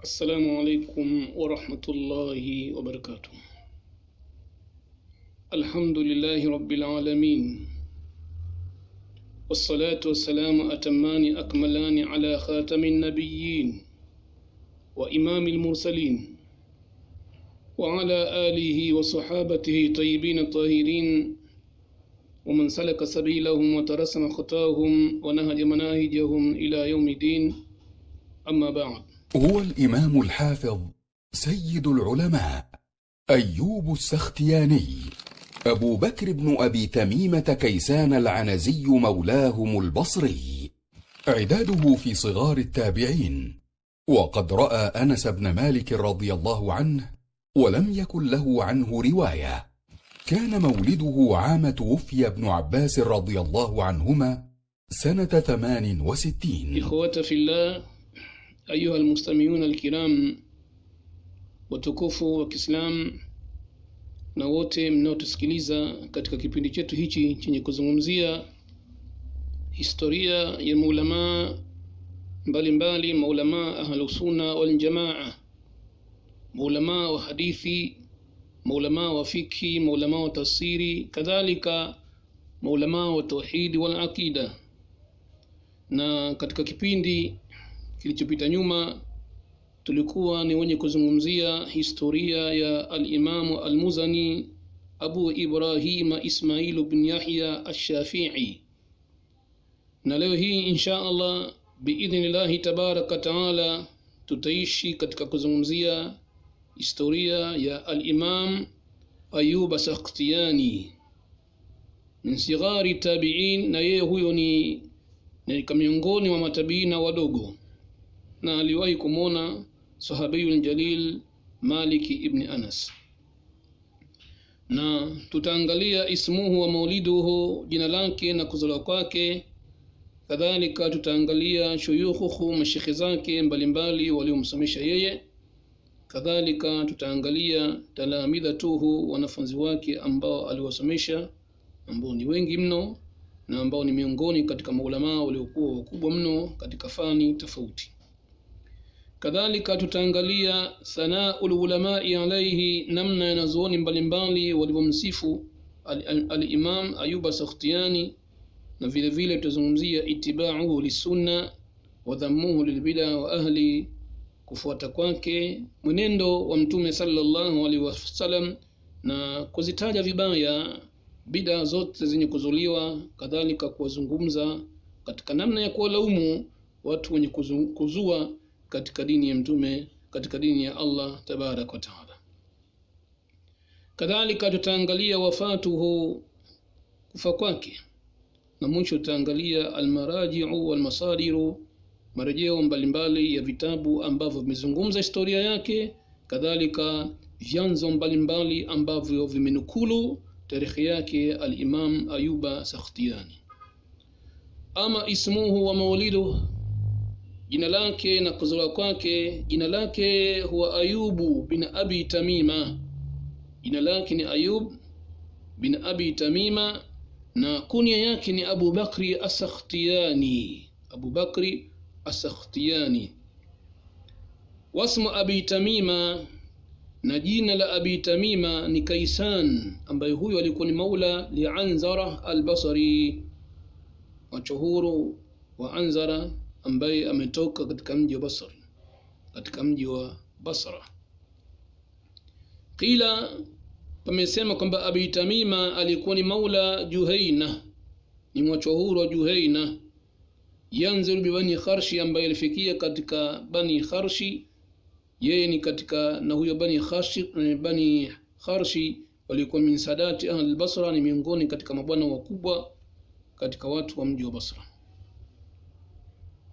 السلام عليكم ورحمة الله وبركاته الحمد لله رب العالمين والصلاة والسلام أتمان أكملان على خاتم النبيين وإمام المرسلين وعلى آله وصحابته طيبين الطاهرين ومن سلك سبيلهم وترسم خطاهم ونهج مناهجهم إلى يوم الدين أما بعد هو الإمام الحافظ سيد العلماء أيوب السختياني أبو بكر بن أبي تميمة كيسان العنزي مولاهم البصري عداده في صغار التابعين وقد رأى أنس بن مالك رضي الله عنه ولم يكن له عنه رواية كان مولده عام توفي ابن عباس رضي الله عنهما سنة ثمان وستين إخوة في الله Ayuha almustamiuna alkiram, watukufu wa Kiislam na wote mnaotusikiliza katika kipindi chetu hichi chenye kuzungumzia historia ya maulamaa mbalimbali, maulamaa ahlusunna waljamaa, maulamaa wa hadithi, maulamaa wa fikhi, maulamaa wa tafsiri, kadhalika maulamaa wa tauhidi wal aqida. Na katika kipindi Kilichopita nyuma tulikuwa ni wenye kuzungumzia historia ya alimamu almuzani Abu Ibrahima Ismailu bn Yahya alshafii na leo hii insha allah biidhnillahi tabaraka wataala tutaishi katika kuzungumzia historia ya alimam Ayuba Sakhtiani min sighari tabiin, na yeye huyo ni, ni miongoni mwa matabiina wadogo na aliwahi kumwona sahabiyul jalil Maliki ibni Anas, na tutaangalia ismuhu wa mauliduhu, jina lake na kuzaliwa kwake. Kadhalika tutaangalia shuyukhuhu, mashekhe zake mbalimbali waliomsomesha yeye. Kadhalika tutaangalia talamidhatuhu, wanafunzi wake ambao aliwasomesha ambao ni wengi mno na ambao ni miongoni katika maulamaa waliokuwa wakubwa mno katika fani tofauti kadhalika tutaangalia sanau lulamai alaihi namna yanazooni mbalimbali walivyomsifu alimam al, al ayuba sakhtiani na vile vile tutazungumzia itibauhu lisunna wa dhammuhu lilbida wa ahli kufuata kwake mwenendo wa mtume sallallahu alaihi wasallam na kuzitaja vibaya bida zote zenye kuzuliwa kadhalika kuwazungumza katika namna ya kuwalaumu watu wenye kuzua katika dini ya Mtume, katika dini ya Allah tabarak wa taala. Kadhalika tutaangalia wafatuhu, kufa kwake, na mwisho tutaangalia almarajiu walmasadiru, marejeo mbalimbali ya vitabu ambavyo vimezungumza historia yake, kadhalika vyanzo mbalimbali ambavyo vimenukulu tarikhi yake Alimam Ayuba Sakhtiani. Ama ismuhu wa mauliduhu jina lake na kuzaliwa kwake jina lake huwa ayubu bin abi tamima jina lake ni ayub bin abi tamima na kunia yake ni abu bakri asakhtiani abu bakri asakhtiani wasmu abi tamima na jina la abi tamima ni kaisan ambaye huyo alikuwa ni maula lianzara albasari machuhuru wa anzara ambaye ametoka katika mji wa Basra, katika mji wa Basra. Kila pamesema kwamba Abi Tamima alikuwa ni maula Juhaina, ni mwachwa huru wa Juhaina, yanzilu bi Bani Kharshi, ambaye alifikia katika Bani Kharshi. Yeye ni katika na huyo Bani Kharshi, eh, Bani Kharshi walikuwa min sadati ahli al-Basra, ni miongoni katika mabwana wakubwa katika watu wa mji wa Basra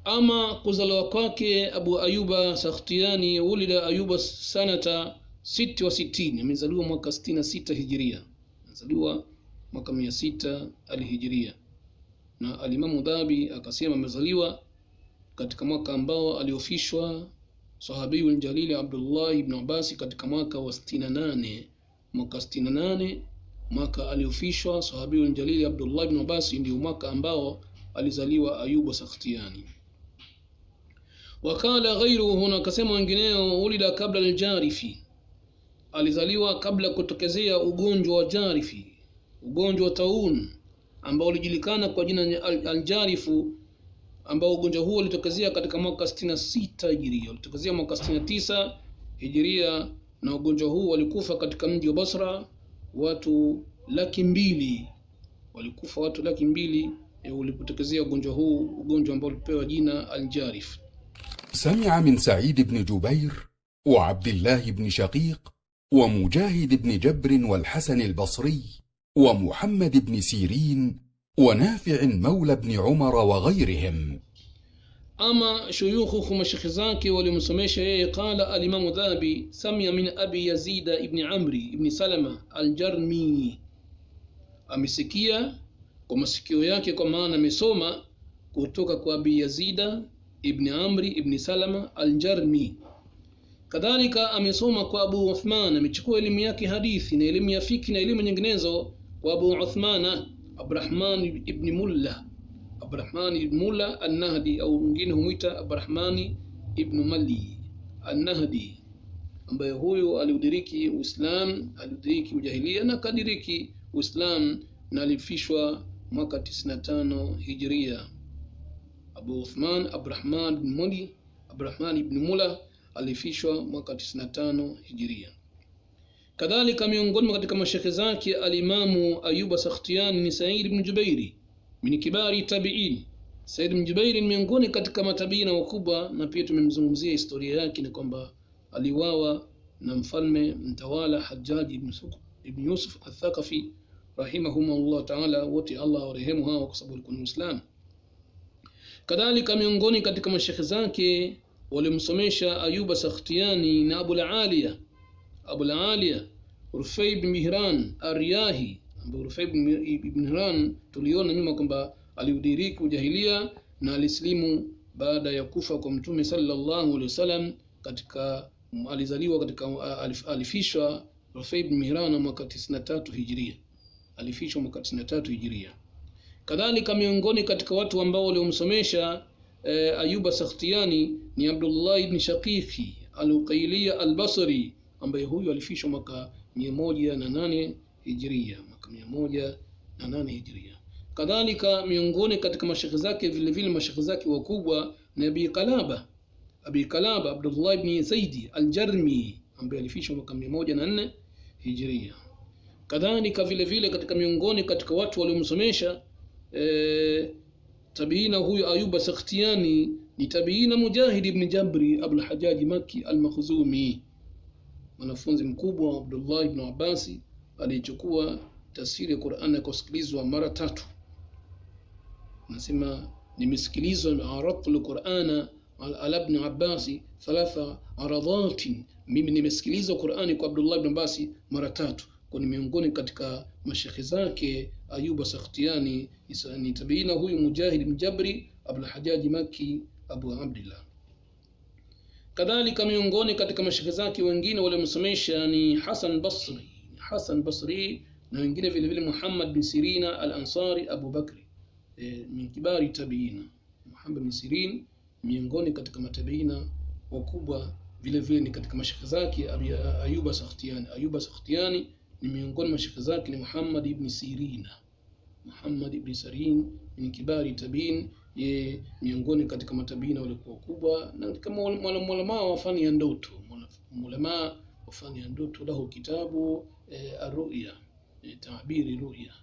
ama kuzaliwa kwake abu ayuba sakhtiani wulida ayuba sanata siti wa sitini amezaliwa mwaka sitini na sita hijiria amezaliwa mwaka mia sita alihijiria na alimamu dhabi akasema amezaliwa katika mwaka ambao aliofishwa sahabiyu ljalili abdullah ibn abasi katika mwaka wa sitini nane mwaka sitini na nane mwaka aliofishwa sahabiyu ljalili abdullah ibn abasi ndio mwaka ambao alizaliwa ayuba sakhtiani wakala ghairuhu, na akasema wengineo, ulida kabla aljarifi, alizaliwa kabla kutokezea ugonjwa wa jarifi, ugonjwa wa taun ambao ulijulikana kwa jina aljarifu, ambao ugonjwa huo ulitokezea katika mwaka 66 hijiria, ulitokezea mwaka 69 hijiria, na ugonjwa huu walikufa katika mji wa Basra watu laki mbili walikufa watu laki mbili eh, ulipotokezea ugonjwa huu, ugonjwa ambao ulipewa jina aljarifu سمع من سعيد بن جبير وعبد الله بن شقيق ومجاهد بن جبر والحسن البصري ومحمد بن سيرين ونافع مولى بن عمر وغيرهم أما شيوخ زاكي ولمسميش قال الإمام ذهبي سمي من أبي يزيد بن عمري بن سلمة الجرمي أمسكية kwa masikio yake kwa maana amesoma kutoka kwa abi yazida ibn Amri ibn Salama Aljarmi. Kadhalika amesoma kwa Abu Uthman, amechukua elimu yake hadithi na elimu ya fiki na elimu nyinginezo kwa Abu Uthman Abrahman ibni Mulla, Abrahman ibn Mulla Annahdi au mwingine humwita Abrahmani ibn Mali Annahdi, ambaye huyu aliudiriki Uislam, aliudiriki ujahilia na kadiriki Uislam na alifishwa mwaka 95 Hijria. Abu Uthman Abdurrahman bin Muli Abdurrahman ibn Mula alifishwa mwaka 95 hijria Kadhalika miongoni katika mashekhe zake alimamu Ayuba Sakhtiani ni Said ibn Jubairi min kibari tabiin. Said ibn Jubairi ni miongoni katika matabiina wakubwa, na pia tumemzungumzia historia yake, ni kwamba aliwawa na mfalme mtawala Hajjaji ibn, Yusuf Athaqafi rahimahumullah taala, wote Allah warehemu hawa, kwa sababu alikuwa ni Muislamu kadhalika miongoni katika mashekhe zake walimsomesha ayuba sakhtiani na abulaliya abulaliya rufai bn mihran ariyahi ambayo rufai bn mihran tuliona nyuma kwamba aliudiriki ujahilia na alislimu baada ya kufa kwa mtume sallallahu alaihi wasallam katika alizaliwa katika alif, alifishwa rufai bn mihran mwaka 93 hijria alifishwa mwaka 93 hijria kadhalika miongoni katika watu ambao waliomsomesha e, Ayuba Sakhtiani ni Abdullah ibn shaqifi al-Uqayli al-Basri ambaye huyu alifishwa mwaka 108 Hijria, mwaka 108 Hijria. Kadhalika miongoni katika mashekhe zake vile vile mashekhe zake wakubwa ni Abi Qalaba, Abi kalaba Abdullah ibn Zaidi al-Jarmi ambaye alifishwa mwaka 104 Hijria. Kadhalika vile vile katika miongoni katika watu waliomsomesha e, tabiina huyu ayuba sakhtiani ni tabiina Mujahid ibn jabri Makki maki makhzumi mwanafunzi mkubwa wa Abdullah ibn abasi aliyechukua tafsiri ya quran kusikilizwa mara tatu anasema nimesikilizwa aradtu qurana ala bni abasi thalatha aradhatin mimi nimesikiliza qurani kwa abdullah ibn abbas mara tatu kwa ni miongoni katika mashekhe zake Ayuba Sakhtiani ni tabiina huyu Mujahid Mjabri, Abdul Abulhajaji Maki, Abu Abdillah. Kadhalika miongoni katika mashekhe zake wengine waliomsomesha ni Hasan Basri, Hasan Basri na wengine vile vile Muhammad bin Sirina al-Ansari, Abu Bakri e, min kibari tabiina. Muhammad bin Sirin miongoni katika matabiina wakubwa vile vile ni katika mashekhe zake Ayuba Sakhtiani, Ayuba Sakhtiani ni miongoni mwa shekhe zake ni Muhammad ibn Sirin. Muhammad ibn Sirin ni kibari tabin, ye miongoni katika matabiina walikuwa kubwa, na kama mwalamaa wa fani ya ndoto, mwalamaa wa fani ya ndoto. Lahu kitabu e, arruya e, tabiri ruya,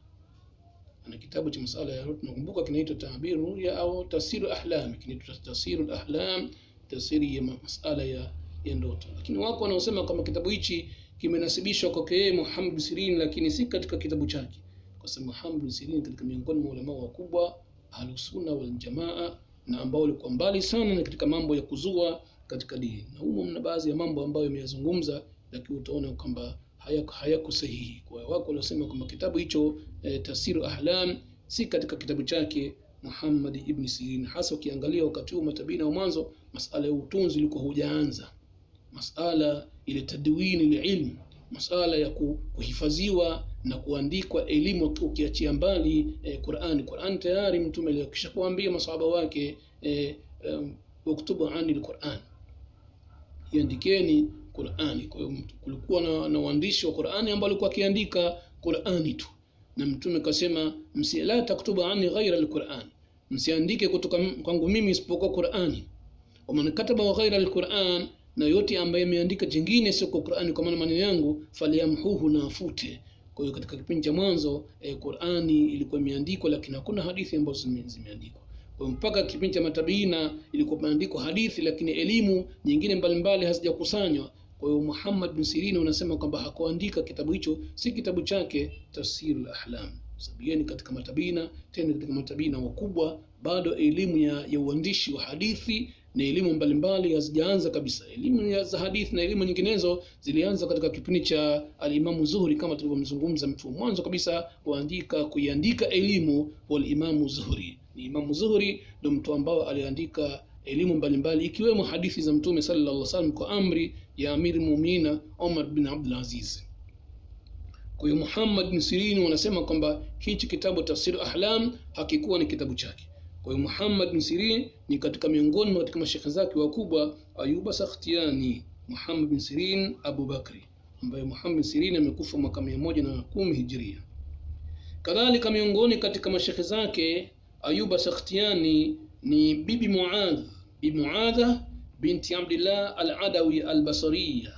ana kitabu cha masala ya ruya, nakumbuka kinaitwa tabiri ruya au tafsiru ahlam, kinaitwa tafsiru ahlam, tafsiri ya masala ya, ya ndoto, lakini wako wanaosema kama kitabu hichi kimenasibishwa kwake yeye Muhammad Sirin, lakini si katika kitabu chake, kwa sababu Muhammad Sirin katika miongoni mwa ulama wakubwa Ahlusunna wal Jamaa na ambao walikuwa mbali sana na katika mambo ya kuzua katika dini, na humo mna baadhi ya mambo ambayo imeyazungumza, lakini utaona kwamba hayakusahihi haya kwa hiyo wako wanasema kwamba kitabu hicho e, eh, Tafsiru Ahlam si katika kitabu chake Muhammad ibn Sirin, hasa ukiangalia wakati huu matabina wa mwanzo, masala ya utunzi ilikuwa hujaanza masala ile tadwini lilmi, masala ya kuhifadhiwa na kuandikwa elimu, ukiachia mbali e, Qur'an Qur'an tayari mtume alikisha kuambia masahaba wake e, eh, um, ani al Qur'an, iandikeni Qur'an Kwa hiyo kulikuwa na, na waandishi wa Qur'an ambao walikuwa akiandika Qur'ani tu, na mtume kasema msiela taktubu ani ghaira al-Qur'an msiandike kutoka kwangu mimi isipokuwa Qur'ani. man kataba ghaira al-Qur'an na yote ambaye ameandika jingine sio kwa Qur'ani, kwa maana maneno yangu faliamhuhu na afute. Kwa hiyo katika kipindi cha mwanzo e, Qur'ani ilikuwa imeandikwa, lakini hakuna hadithi ambazo zimeandikwa. Kwa mpaka kipindi cha matabiina ilikuwa imeandikwa hadithi, lakini elimu nyingine mbalimbali hazijakusanywa. Kwa hiyo Muhammad bin Sirin unasema kwamba hakuandika kitabu hicho, si kitabu chake Tafsir al Ahlam. Sabieni katika matabina, tena katika matabina wakubwa, bado elimu ya, ya uandishi wa hadithi ni elimu mbalimbali hazijaanza kabisa. Elimu za hadithi na elimu nyinginezo zilianza katika kipindi cha alimamu Zuhri, kama tulivyomzungumza mtu mwanzo kabisa kuandika kuiandika elimu walimamu Zuhri. Ni Imamu Zuhri ndo mtu ambao aliandika elimu mbalimbali ikiwemo hadithi za Mtume sallallahu alaihi wasallam kwa amri ya Amir Mu'mina Omar bin Abdul Aziz. Kwa hiyo Muhammad bin Sirini wanasema kwamba hichi kitabu Tafsir Ahlam hakikuwa ni kitabu chake kwa hiyo Muhammad bin Sirin ni katika miongoni mwa katika mashekhe zake wakubwa Ayuba Sakhtiani, Muhammad bin Sirin Abu Bakri, ambaye Muhammad bin Sirin amekufa mwaka 110 Hijria. Kadhalika miongoni katika mashekhe zake Ayuba Sakhtiani ni Bibi Muadh, Bibi Muadha binti Abdillah al-Adawi al-Basriya.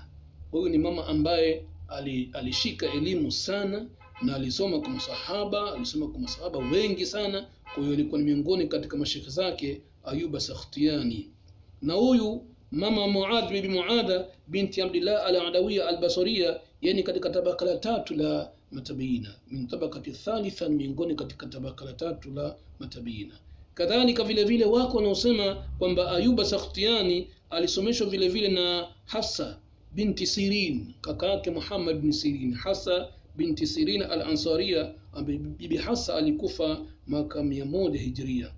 Huyu ni mama ambaye alishika ali elimu sana na alisoma kwa masahaba, alisoma kwa masahaba wengi sana. Kwa hiyo alikuwa ni miongoni katika mashekhe zake Ayuba Sakhtiani. Na huyu mama Muadh bibi Muadha binti Abdillah al-Adawiya al-Basriya, yani katika tabaka la tatu la matabiina, min tabakati thalitha, miongoni katika tabaka la tatu la matabiina. Kadhalika vile vile wako wanaosema kwamba Ayuba Sakhtiani alisomeshwa vile vile na Hassa binti Sirin, kaka yake Muhammad bin Sirin. Hassa binti Sirina al-Ansaria ambaye Bibi Hasa alikufa mwaka mia moja Hijria,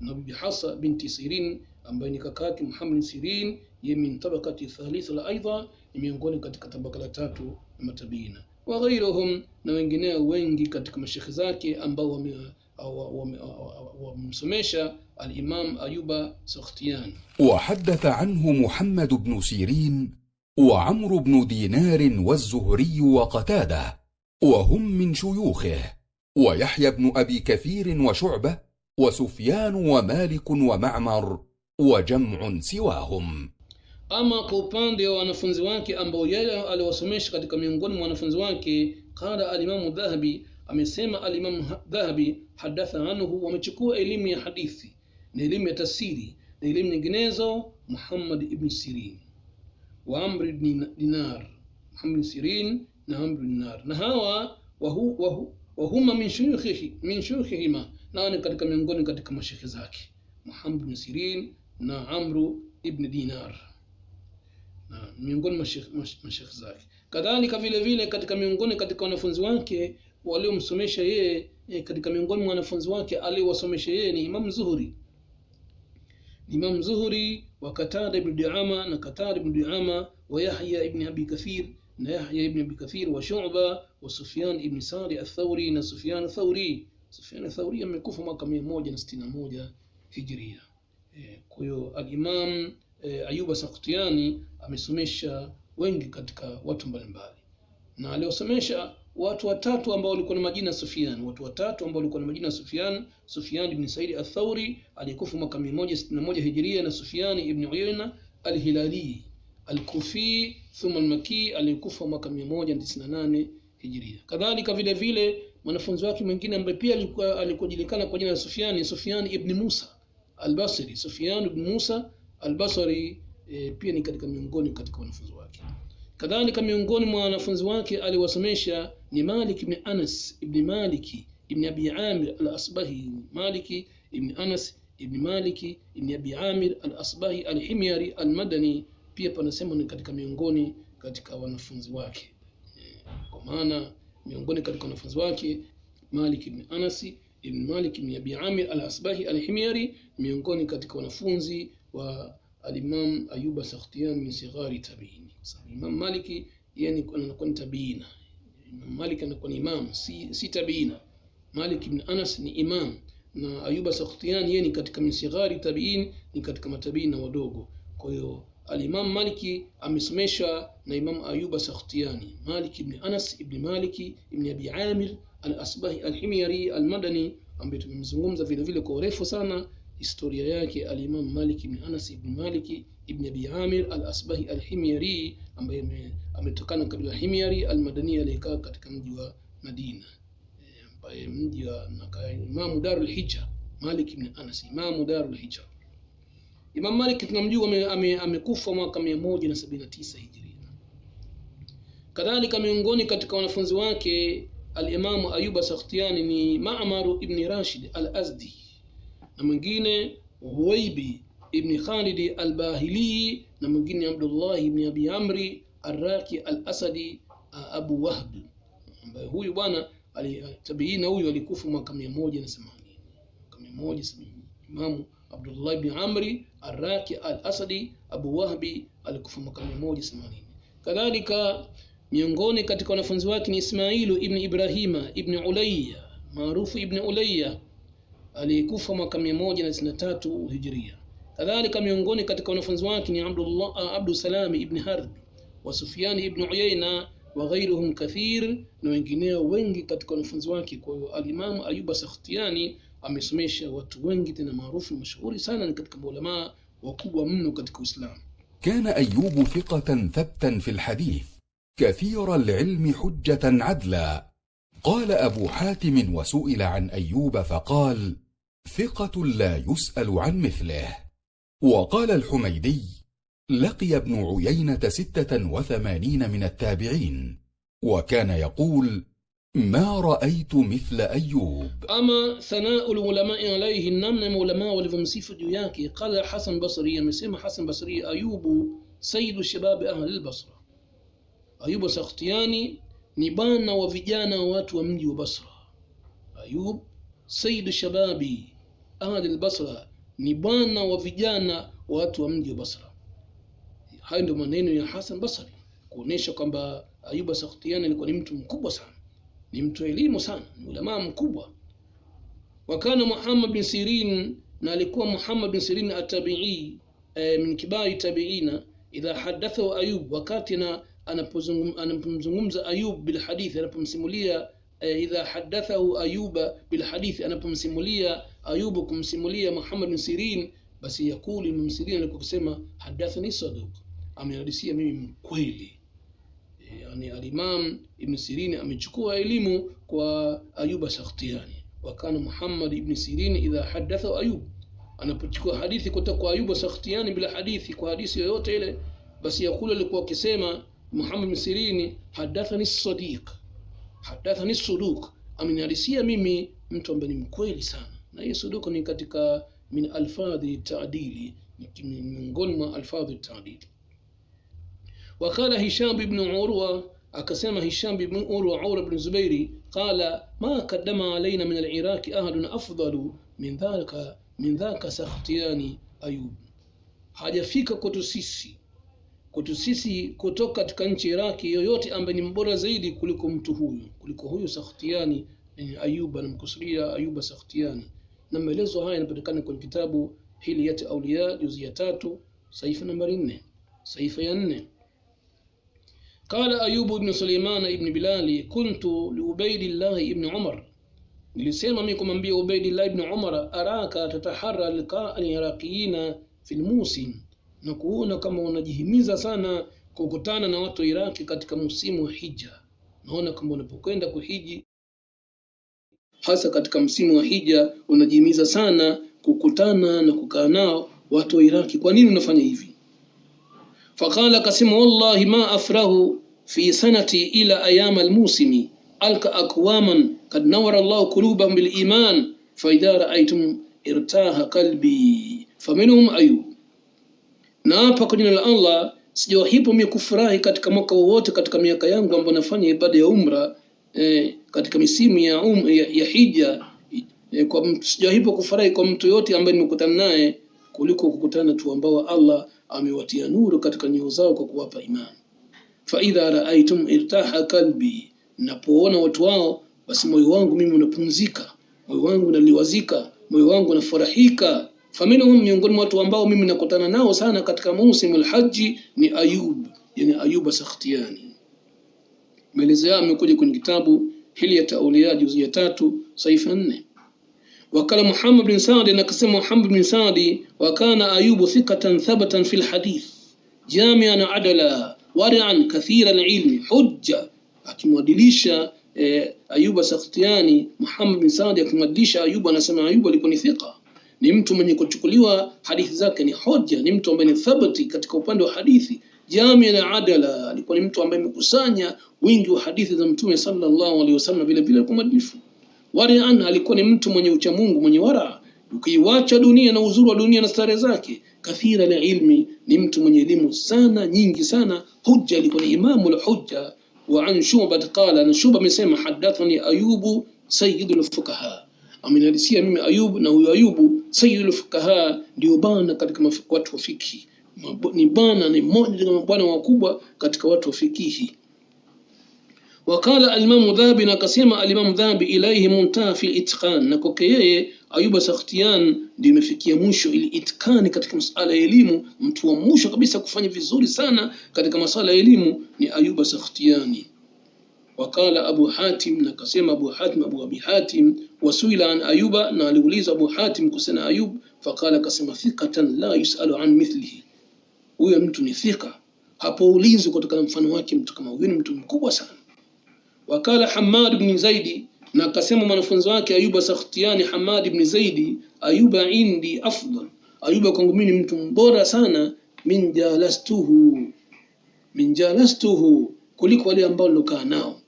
na Bibi Hasa binti Sirin ambaye ni kakake Muhammad Sirin, yeye min tabakati thalitha la aidha, ni miongoni katika tabaka la tatu na matabiina wa ghairuhum, na wengineo wengi katika mashekhe zake ambao wame ومسميشة الإمام أيوب سختيان وحدث عنه محمد بن سيرين وعمر بن دينار والزهري وقتاده وهم من شيوخه ويحيى بن أبي كثير وشعبة وسفيان ومالك ومعمر وجمع سواهم ama kwa upande wa wanafunzi wake ambao yeye aliwasomesha katika miongoni mwa wanafunzi wake qala alimamu dhahabi amesema alimamu dhahabi hadatha anhu wamechukua elimu ya hadithi na elimu ya tasiri na elimu nyinginezo muhammad ibni sirin wa amri dinar muhammad sirin na amru nar, na hawa wahu, wahu, wahuma min shuyukhihi min shuyukhihima, na ni katika miongoni katika mashekhe zake Muhammad bin Sirin na Amru ibn Dinar, na miongoni mashekhe zake. Kadhalika vile vile katika miongoni katika wanafunzi wake waliomsomesha yeye eh, katika miongoni mwa wanafunzi wake aliyewasomesha yeye ni Imam Zuhuri Imam Zuhuri wa Katada ibn Duama na Katada ibn Duama wa Yahya ibn Abi Kathir na Yahya ibn Abi Kathir wa Shu'ba wa Sufyan ibn Sari al-Thawri na Sufyan al Sufyan al amekufa mwaka 161 Hijria. Eh, kwa hiyo al-Imam eh, Ayuba Sakhtiyani amesomesha wengi katika watu mbalimbali, na aliosomesha watu watatu ambao walikuwa na majina Sufyan, watu watatu ambao walikuwa na majina Sufyan, Sufyan ibn Said al-Thawri aliyekufa mwaka 161 Hijria na Sufyan ibn Uyayna al-Hilali Al-Kufi thumma al makki aliyekufa mwaka 198 Hijria. Kadhalika vile vile mwanafunzi wake mwingine ambaye pia alikojulikana kwa jina la Sufyan, Sufyan ibn Musa al-Basri, Sufyan ibn Musa al-Basri e, pia ni katika miongoni katika wanafunzi wake. Kadhalika miongoni mwa wanafunzi wake aliwasomesha ni Malik ibn Anas ibn Malik ibn Abi Amir al-Asbahi, Malik ibn Anas ibn Malik ibn Abi Amir al-Asbahi al-Himyari al-Madani pia panasema ni katika miongoni katika wanafunzi wake, kwa maana miongoni katika wanafunzi wake Malik ibn Anas ibn Malik ibn Abi Amir al-Asbahi al-Himyari, miongoni katika wanafunzi wa al-Imam Ayuba Sakhtiyan min sighari tabiini. Imam Malik yani anakuwa ni tabiina. Imam Malik anakuwa ni imam, si, si tabiina. Malik ibn Anas ni imam na Ayuba Sakhtiyan yani katika min sighari tabiin, ni katika matabiina wadogo. Kwa hiyo alimam Maliki amesomesha na Imamu Ayuba Sakhtiani, Malik ibn Anas ibn Maliki ibn Abi Amir al-Asbahi al-Himyari al-Madani, ambaye tumemzungumza vile vile kwa urefu sana historia yake. Alimamu Malik ibn Anas ibn Maliki ibn Abi Amir al-Asbahi al-Himyari ambaye ametokana kabila Himyari al-Madani aliyekaa katika mji wa Madina, ambaye mji wa Imamu Darul Hijja. Malik ibn Anas, Imamu Darul Hijja. Imam Malik tunamjua amekufa ame, ame mwaka 179 Hijria. Kadhalika miongoni katika wanafunzi wake al-Imamu Ayuba Sakhtiani ni Ma'mar ibn Rashid al-Azdi na mwingine Huwaibi ibn Khalid al-Bahili na mwingine Abdullah ibn Abi Amri al-Raqi al-Asadi uh, Abu Wahb ambaye huyu bwana uh, tabiina huyu alikufa mwaka 180 mwaka 170 Imamu Abdullah bin Amri Arraki al-Asadi Abu Wahbi alikufa mwaka 180. Kadhalika miongoni katika wanafunzi wake ni Ismailu ibn Ibrahima ibn Ulayya maarufu ibn Ulayya aliyekufa mwaka 193 Hijria. Kadhalika miongoni katika wanafunzi wake ni Abdullah Abdus Salam ibn Harb wa Sufyan ibn Uyayna وغيرهم كثير نوينجينيو وينجي كتك ونفنزواكي كوي الإمام أيوب سختياني أمسميشا وينجي تنا معروف مشهور سانا كتك مولماء وقوة منه كتك إسلام كان أيوب ثقة ثبتا في الحديث كثير العلم حجة عدلا قال أبو حاتم وسئل عن أيوب فقال ثقة لا يسأل عن مثله وقال الحميدي لقي ابن عيينة ستة وثمانين من التابعين وكان يقول ما رأيت مثل أيوب أما ثناء العلماء عليه النمن علماء والفمسي في قال حسن بصري مسيم يعني حسن بصري أيوب سيد الشباب أهل البصرة أيوب سختياني نبانا وفجانا وات ومدي وبصرة أيوب سيد الشباب أهل البصرة نبانا وفجانا وات ومدي وبصرة Hayo ndio maneno ya Hassan Basri kuonesha kwamba Ayuba Sakhtiani alikuwa ni mtu mkubwa sana, ni mtu elimu sana, ni ulamaa mkubwa. Wakana Muhammad bin Sirin, na alikuwa Muhammad bin Sirin atabii e, eh, min kibari tabiina. Idha hadatha Ayub, wakati na anapomzungumza Ayub bil hadith, anapomsimulia e, idha hadathahu Ayuba bil hadith, anapomsimulia Ayub kumsimulia Muhammad bin Sirin, basi yakulu Ibn Sirin alikuwa kusema hadathani saduq amehadisia mimi mkweli. E, yani Alimam Ibn Sirini amechukua elimu kwa Ayuba Sakhtiani, wakana Muhammad Ibn Sirini idha hadatha Ayub, anapochukua hadithi kutoka kwa Ayuba Sakhtiani bila hadithi kwa hadithi yoyote ile, basi yakula alikuwa akisema Muhammad Ibn Sirini, hadathani sadiq, hadathani suduq, amenihadisia mimi mtu ambaye ni mkweli sana. Na hiyo suduq ni katika min alfadhi taadili, miongoni mwa alfadhi taadili. Wakala Hisham ibn Urwa, akasema Hisham ibn Urwa, Urwa ibn Zubairi, qala ma qaddama alaina min al-Iraqi ahadun afdalu min dhalika min dhaka Sakhtiani Ayub, hajafika kwetu sisi kwetu sisi kutoka katika nchi Iraki yoyote ambaye ni mbora zaidi kuliko mtu huyu kuliko huyu Sakhtiani eh, Ayuba, anamkusudia Ayuba Sakhtiani. Na maelezo haya yanapatikana kwenye kitabu Hilyat Auliya, juzi ya tatu, saifa nambari nne, saifa ya nne. قال أيوب بن سليمان ابن بلال كنت لعبيد الله ابن عمر nilisema mimi kumwambia Ubaidillah ibn Umar araka tatahara liqa al-iraqiyina fil musim, na kuona kama unajihimiza sana kukutana na watu Iraki katika msimu wa hija. Naona kama unapokwenda kuhiji hasa katika msimu wa hija unajihimiza sana kukutana na kukaa nao watu wa Iraki. Kwa nini unafanya hivi? Faqala kasimu wallahi ma afrahu fi sanati ila ayama almusimi alka akwaman kad nawara bil iman fa idha ra'aytum irtaha qalbi faminhum ayu Na hapa kwa jina la Allah, sijawahipo mimi kufurahi katika mwaka wowote katika miaka yangu ambayo nafanya ibada ya umra eh, katika misimu ya, um, ya, ya hija eh, kwa sijawahipo kufurahi kwa mtu yote ambaye nimekutana naye kuliko kukutana tu ambao Allah amewatia nuru katika nyoyo zao kwa kuwapa imani faidha raaitum irtaha kalbi, napoona watu wao basi moyo wangu mimi unapumzika, moyo wangu unaliwazika, moyo wangu unafurahika. Faminhum, miongoni mwa watu ambao mimi nakutana nao sana katika musimu alhaji ni Ayub, yani Ayuba Sakhtiani. Maelezo yao yamekuja kwenye kitabu Hilyat Auliya juzu ya tatu saifa nne. Wakala Muhammad bin Saadi, na akasema Muhammad bin Saadi, wakana Ayubu thiqatan thabatan fi lhadith jamian adala warian kathira alilmi hujja, akimwadilisha e, Ayuba Sakhtiani, muhamad bin Saadi akimwadilisha Ayuba anasema Ayuba alikuwa ni thiqa, ni mtu mwenye kuchukuliwa hadithi zake ni hoja, ni mtu ambaye ni thabiti katika upande wa hadithi jamia na adala, alikuwa ni mtu ambaye amekusanya wingi wa hadithi za Mtume sallallahu alaihi wasallam, vile vile alikuwa mwadilifu. Waraan alikuwa ni mtu mwenye uchamungu, mwenye waraa ukiiwacha dunia na uzuri wa dunia na starehe zake, kathira la ilmi, ni mtu mwenye elimu sana nyingi sana. Hujja alikuwa ni imamu al-hujja. Wa an Shuba qala, na Shuba amesema hadathani Ayubu sayyidul fuqaha, amenihadithia mimi ayubu na huyo Ayubu sayyidul fuqaha ndio bana katika watu wa ni bana ni mmoja katika mabwana wakubwa katika watu wa fikihi. Wakala alimamu Dhahabi, na akasema alimamu Dhahabi, ilaihi muntaha fil itqan, na kwake yeye Ayuba Sakhtian ndio imefikia mwisho ili itikani katika masuala ya elimu. Mtu wa mwisho kabisa kufanya vizuri sana katika masuala ya elimu ni Ayuba Sakhtiani. Wakala Abu Hatim, na kasema Abu Hatim, Abu Abi Hatim, wasuila an Ayuba, na aliuliza Abu Hatim kusema Ayub, fakala kasema thiqatan la yusalu an mithlihi, huyo mtu ni thika, hapo ulinzi kutokana mfano wake. Mtu kama huyo ni mtu mkubwa sana. Wakala Hamad bin Zaidi na akasema mwanafunzi wake Ayuba Sakhtiani Hamad ibn Zaidi, Ayuba indi afdal, Ayuba kwangu mimi ni mtu mbora sana, min jalastuhu min jalastuhu, kuliko wale ambao nilokaa nao,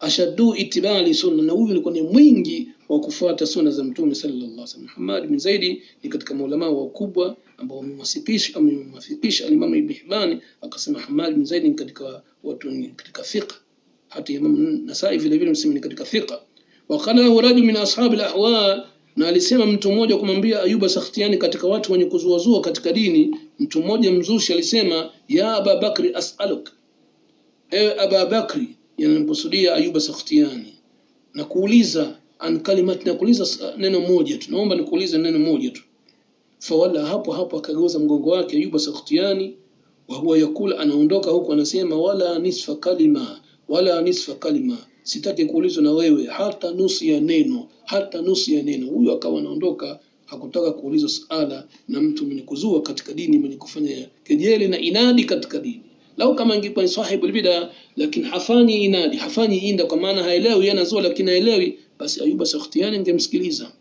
ashaddu itibali sunna, na huyu alikuwa ni mwingi wa kufuata sunna za Mtume sallallahu alaihi wasallam. Hamad ibn Zaidi ni katika maulama wakubwa ambao wamemwasipisha amemwafikisha Imam Ibn Hibban akasema Hamad ibn Zaidi ni katika watu ni katika fiqh, hata Imam Nasai vile vile msema ni katika fiqh Wakala lahu rajul min ashabi al-ahwa na alisema mtu mmoja kumwambia Ayuba Sakhtiani katika watu wenye kuzuazua katika dini, mtu mmoja mzushi alisema ya Aba Bakri asaluk, ewe Aba Bakri, yanamkusudia Ayuba Sakhtiani, na kuuliza an kalimat, na kuuliza neno moja tu, naomba nikuulize neno moja tu. Fawala, hapo hapo akageuza mgongo wake Ayuba Sakhtiani wa huwa yakula, anaondoka huko anasema wala nisfa kalima, wala nisfa kalima sitaki kuulizwa na wewe hata nusu ya neno, hata nusu ya neno. Huyu akawa anaondoka, hakutaka kuulizwa suala na mtu mwenye kuzua katika dini, mwenye kufanya kejeli na inadi katika dini. Lau kama ingekuwa ni sahibul bid'a, lakini hafanyi inadi, hafanyi inda, kwa maana haelewi yeye anazua, lakini haelewi, basi Ayuba Sakhtiani angemsikiliza.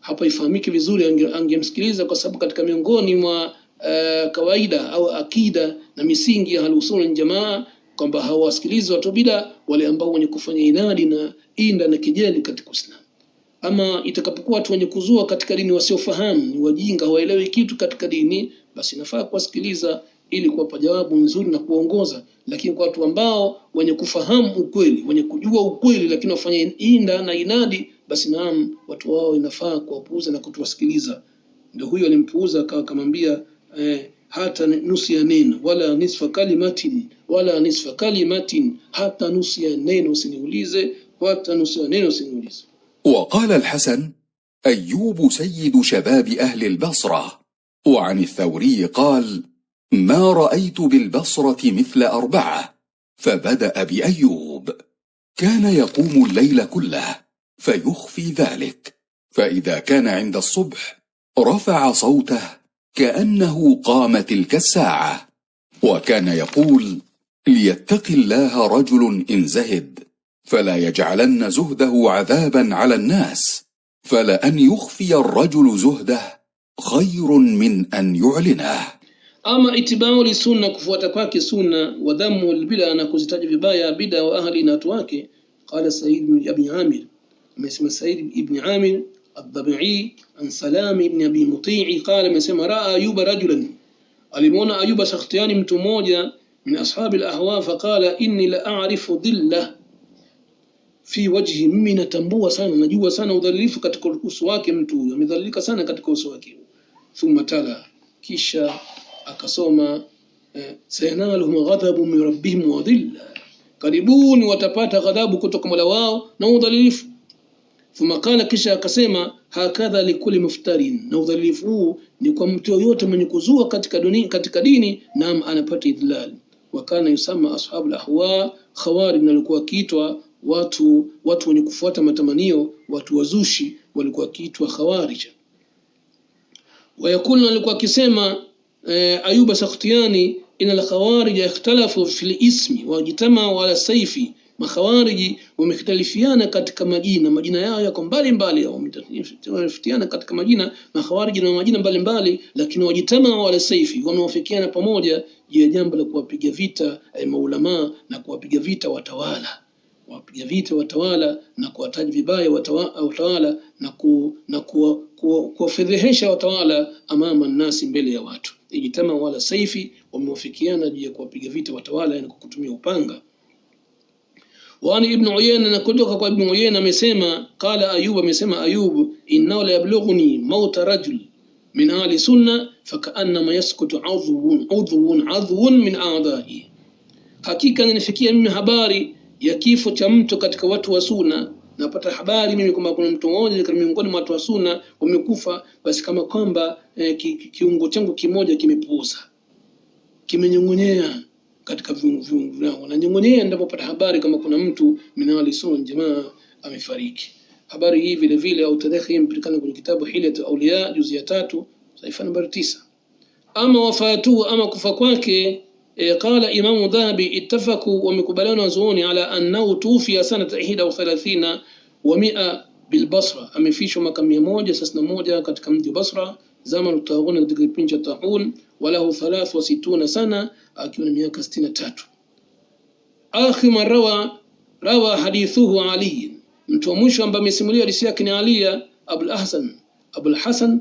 Hapa ifahamiki vizuri, angemsikiliza ange, kwa sababu katika miongoni mwa uh, kawaida au akida na misingi ya halusuna Waljamaa kwamba hawasikilizi watu bila wale ambao wenye kufanya inadi na inda na kijeli katika Uislamu. Ama itakapokuwa watu wenye kuzua katika dini wasiofahamu, ni wajinga, hawaelewi kitu katika dini, basi nafaa kuwasikiliza ili kuwapa jawabu nzuri na kuongoza. Lakini kwa watu ambao wenye kufahamu ukweli, wenye kujua ukweli, lakini wafanya inda na inadi, basi naam, watu wao inafaa kuwapuuza na kutuwasikiliza. Ndio huyo alimpuuza akawa akamwambia eh, حتى nusia نين ولا نصف كلمة ولا نصف كلمة حتى nusia نين وسنوليز حتى nusia نين وسنوليز وقال الحسن أيوب سيد شباب أهل البصرة وعن الثوري قال ما رأيت بالبصرة مثل أربعة فبدأ بأيوب كان يقوم الليل كله فيخفي ذلك فإذا كان عند الصبح رفع صوته كأنه قام تلك الساعة وكان يقول ليتق الله رجل إن زهد فلا يجعلن زهده عذابا على الناس فلأن يخفي الرجل زهده خير من أن يعلنه ama itibau lisunna kufuata kwake sunna wa dhamu albida na kuzitaja vibaya bida wa ahli na watu wake qala said ibn amir amesema said ibn amir الضبعي عن سلام بن أبي مطيع قال ما سمع رأى أيوب رجلا ألمون أيوب سختيان متموجة من أصحاب الأهواء فقال إني لأعرف ظلة في وجه من تنبوه سانا نجوه سانا وذلف كتك أسواك متو ومذلك سانا كتك أسواك ثم تلا كيشا أكسوما سينالهم غضب من ربهم وذلة قريبون وتبات غضب كتك ملواه نو Thumma qala, kisha akasema, hakadha likuli muftarin, na udhalifu huu ni kwa mtu yoyote mwenye kuzua katika dini, katika dini naam, anapata idhlal. Wakana yusama ashabul ahwa khawarij, walikuwa wakiitwa watu watu wenye kufuata matamanio, watu wazushi walikuwa wakiitwa khawarij. Wayakulu, walikuwa akisema e, eh, Ayuba Sakhtiani, inal khawarij ikhtalafu fil ismi wajtamaa wala saifi Makhawariji wamekhtalifiana katika majina, majina yao yako mbali mbalimbali, wamekhtalifiana katika majina makhawariji na majina mbali mbali, lakini wajitamaa wale saifi wanaofikiana pamoja juu ya jambo la kuwapiga vita eh, maulama na kuwapiga vita watawala wapiga vita watawala na kuwataja vibaya watawa, watawala na, ku, na kuwa, kuwafedhehesha watawala amama nasi, mbele ya watu. Ijitama wala saifi wamewafikiana juu ya kuwapiga vita watawala na kutumia upanga. Wani Ibn Uyayna, na kutoka kwa Ibn Uyayna amesema, qala Ayub, amesema Ayub, innahu la yablughuni mauta rajul min ahli sunna fakaannama yaskutu udhuun udhuun adhuun min a'dai, hakika nanifikia mimi habari ya kifo cha mtu katika watu wa sunna napata habari mimi kwamba kuna mtu mmoja miongoni mwa watu wa sunna umekufa, basi kama kwamba eh, kiungo ki, changu kimoja kimepuuza, kimenyong'onyea katika viungo vyao, na mwenyewe ndapopata habari kama kuna mtu minali jamaa amefariki. Habari hii vile vile au tarehe imepatikana kwenye kitabu Hilyatu Auliya juzi ya tatu saifa nambari tisa. Ama wafatuhu, ama kufa kwake e, qala Imamu Dhahabi ittafaku, wamekubaliana wanazuoni ala annahu tufiya sanata ihda wa wa mia bilbasra, amefishwa mwaka mia moja thelathini moja katika mji wa Basra, zama tutaun, katika kipindi cha taun وله ثلاث وستون سنة أكيون مياكا ستين تاتو آخر من روى روى حديثه علي متومشو أمبا مسمولي رسياكني علي أبو الأحسن أبو الحسن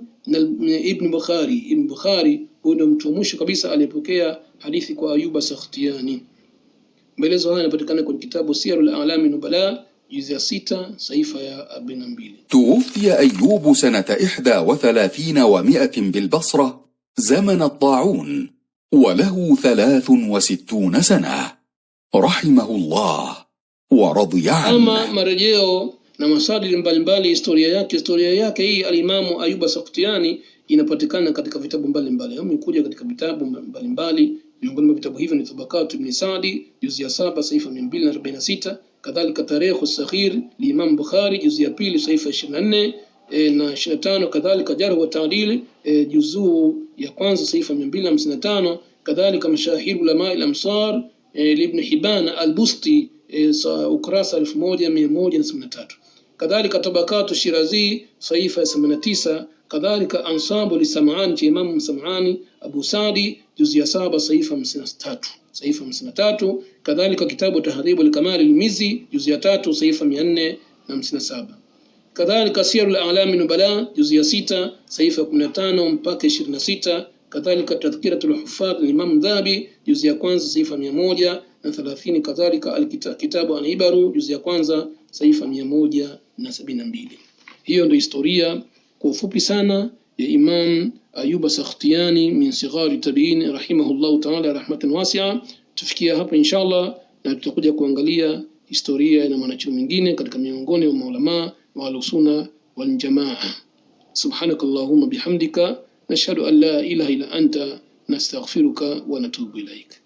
ابن بخاري ابن بخاري ودم تومش كبيسة على بوكيا حديثك وأيوب سختياني بلزوا هنا بتكلم كون كتاب سير الأعلام نبلاء توفي أيوب سنة إحدى وثلاثين ومائة بالبصرة زمن الطاعون وله ثلاث وستون سنة رحمه الله ورضي عنه أما مرجeo na masali mbalimbali historia yake historia yake hii alimamu Ayuba Saktiani inapatikana katika vitabu mbalimbali au imekuja katika vitabu mbalimbali miongoni mwa vitabu hivyo ni Tabakatu Ibn Sa'di juzi ya saba saifa mia mbili na arobaini na sita kadhalika Tarikhu Saghir liimam Bukhari juzi ya pili saifa ishirini na nne e, na ishirini na tano kadhalika jaru wa taadili e, juzuu ya kwanza saifa mia mbili hamsini na tano kadhalika mashahir ulama lamsar e, libn hibana albusti e, sa ukurasa elfu moja mia moja na themanini tatu kadhalika tabakatu Shirazi saifa ya themanini na tisa kadhalika ansabu lisamani cha Imamu Samani Abu Sadi juzi ya saba saifa hamsini na tatu saifa hamsini na tatu kadhalika kitabu tahdhibu lkamali lmizi juzi ya tatu saifa mia nne na hamsini na saba kadhalika al A'lam Nubala juzu ya sita sahifa ya 15 mpaka 26, kadhalika Tadhkiratul Huffaz Imam Dhahabi juzu ya kwanza saifa 130, kadhalika Alkitabu an Ibaru juzu ya kwanza saifa 172. Hiyo ndio historia kwa ufupi sana ya Imam Ayuba Sakhtiani min sighari tabiin rahimahullahu ta'ala rahmatan wasi'a. Tufikia hapa inshallah, na tutakuja kuangalia historia na mwanachuo mwingine katika miongoni wa maulamaa والسنة والجماعة سبحانك اللهم بحمدك نشهد أن لا إله إلا أنت نستغفرك ونتوب إليك